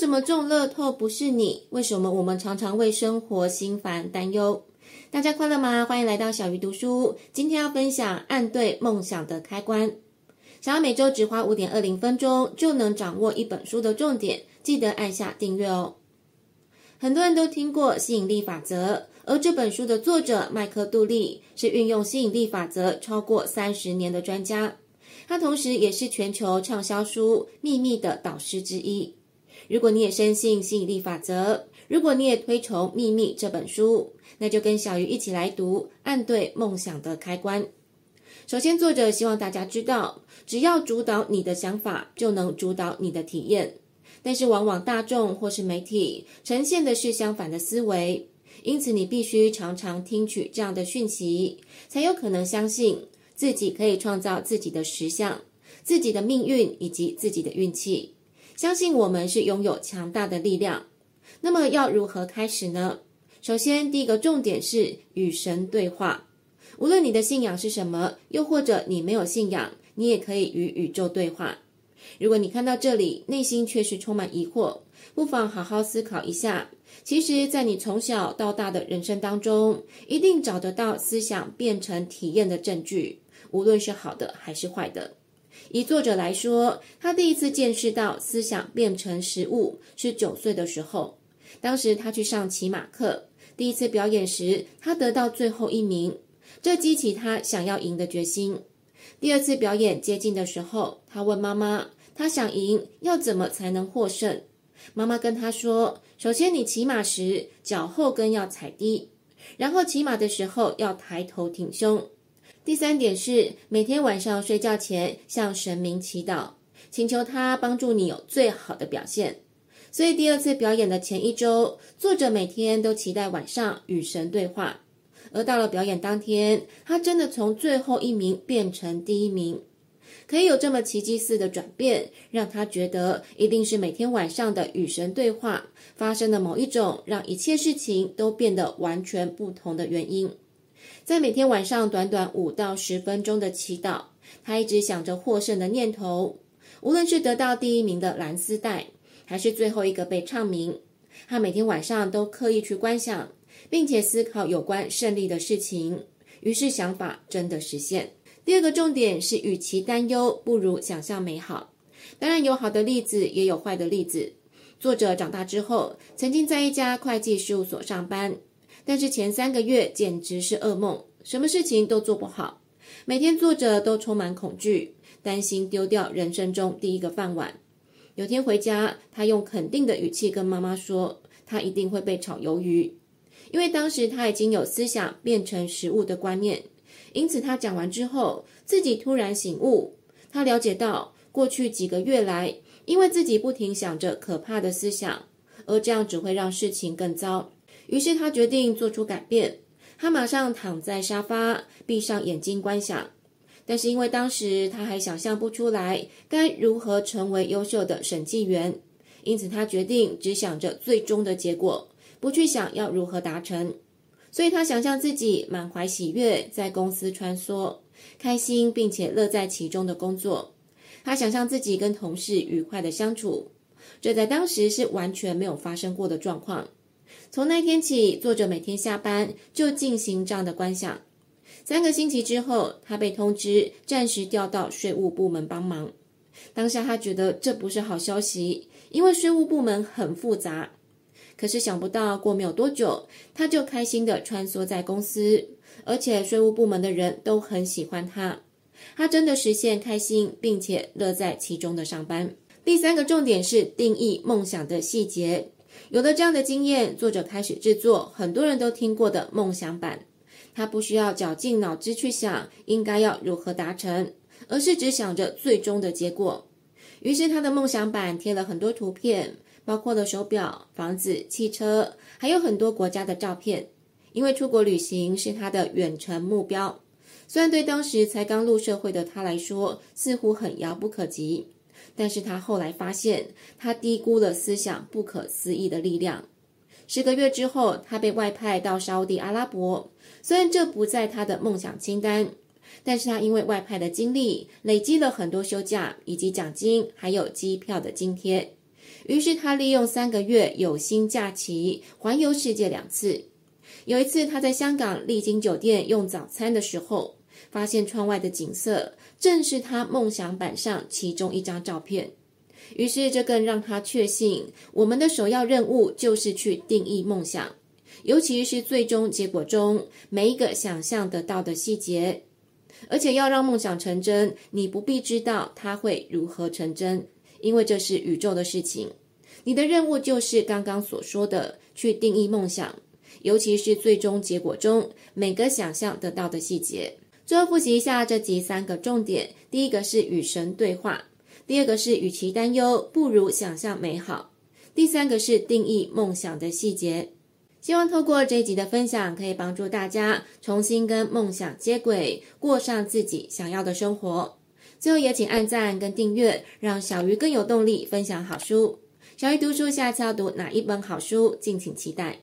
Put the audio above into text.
為什麼中樂透不是你？為什麼我們常常為生活心煩擔憂？大家快樂嗎？歡迎來到小魚讀書。今天要分享按對夢想的開關。想要每周只花五點二零分鐘就能掌握一本書的重點，記得按下訂閱哦。很多人都聽過吸引力法則，而這本書的作者麥克杜利是運用吸引力法則超過三十年的專家。他同時也是全球暢銷書《秘密》的導師之一。如果你也深信吸引力法則，如果你也推崇《祕密》這本書，那就跟小魚一起來讀《按對夢想的開關》。首先，作者希望大家知道，只要主導你的想法，就能主導你的體驗。但是，往往大眾或是媒體呈現的是相反的思維，因此你必須常常聽取這樣的訊息，才有可能相信自己可以創造自己的實相、自己的命運以及自己的運氣。相信我們是擁有強大的力量，那麼要如何開始呢？首先，第一個重點是與神對話。無論你的信仰是什麼，又或者你沒有信仰，你也可以與宇宙對話。如果你看到這裡，內心卻是充滿疑惑，不妨好好思考一下。其實在你從小到大的人生當中，一定找得到思想變成體驗的證據，無論是好的還是壞的。以作者來說，他第一次見識到思想變成實物是九歲的時候。當時他去上騎馬課，第一次表演時，他得到最後一名，這激起他想要贏的決心。第二次表演接近的時候，他問媽媽：“他想贏，要怎麼才能獲勝？”媽媽跟他說：“首先，你騎馬時腳後跟要踩低，然後騎馬的時候要抬頭挺胸。”第三點是每天晚上睡覺前向神明祈禱，請求他幫助你有最好的表現。所以第二次表演的前一週，作者每天都期待晚上與神對話。而到了表演當天，他真的從最後一名變成第一名。可以有這麼奇蹟似的轉變，讓他覺得一定是每天晚上的與神對話發生的某一種讓一切事情都變得完全不同的原因。在每天晚上短短五到十分鐘的祈禱，他一直想着獲勝的念頭，無論是得到第一名的藍絲帶，還是最後一個被唱名，他每天晚上都刻意去觀想，並且思考有關勝利的事情。於是想法真的實現。第二個重點是，與其擔憂，不如想象美好。當然有好的例子，也有壞的例子。作者長大之後，曾經在一家會計事務所上班。但是前三個月簡直是噩夢，什麼事情都做不好，每天做着都充滿恐懼，擔心丟掉人生中第一個飯碗。有天回家，他用肯定的語氣跟媽媽說：“他一定會被炒魷魚。”因為當時他已經有思想變成實物的觀念，因此他講完之後，自己突然醒悟，他了解到過去幾個月來，因為自己不停想着可怕的思想，而這樣只會讓事情更糟。於是他決定做出改變。他馬上躺在沙發，閉上眼睛觀想。但是因為當時他還想象不出來該如何成為優秀的審計員，因此他決定只想着最終的結果，不去想要如何達成。所以他想象自己滿懷喜悅在公司穿梭，開心並且樂在其中的工作。他想象自己跟同事愉快的相處，這在當時是完全沒有發生過的狀況。從那天起，作者每天下班就進行這樣的觀想。三個星期之後，他被通知暫時調到稅務部門幫忙。當下他覺得這不是好消息，因為稅務部門很複雜。可是想不到，過沒有多久，他就開心地穿梭在公司，而且稅務部門的人都很喜歡他。他真的實現開心並且樂在其中的上班。第三個重點是定義夢想的細節。有了這樣的經驗，作者開始制作很多人都聽過的夢想板。他不需要絞盡腦汁去想應該要如何達成，而是只想着最終的結果。於是他的夢想板貼了很多圖片，包括了手錶、房子、汽車，還有很多國家的照片。因為出國旅行是他的遠程目標，雖然對當時才剛入社會的他來說，似乎很遙不可及。但是他後來發現，他低估了思想不可思議的力量。十個月之後，他被外派到沙烏地阿拉伯，雖然這不在他的夢想清單，但是他因為外派的經歷，累積了很多休假以及獎金，還有機票的津貼。於是他利用三個月有薪假期，環遊世界兩次。有一次他在香港麗晶酒店用早餐的時候，發現窗外的景色正是他夢想板上其中一張照片，於是這更讓他確信：我們的首要任務就是去定義夢想，尤其是最終結果中每一個想象得到的細節。而且要讓夢想成真，你不必知道它會如何成真，因為這是宇宙的事情。你的任務就是剛剛所說的去定義夢想，尤其是最終結果中每個想象得到的細節。最後複習一下這集三個重點：第一個是與神對話，第二個是與其擔憂，不如想象美好，第三個是定義夢想的細節。希望透過這一集的分享，可以幫助大家重新跟夢想接軌，過上自己想要的生活。最後也請按讚跟訂閱，讓小魚更有動力分享好書。小魚讀書下次要讀哪一本好書，敬請期待。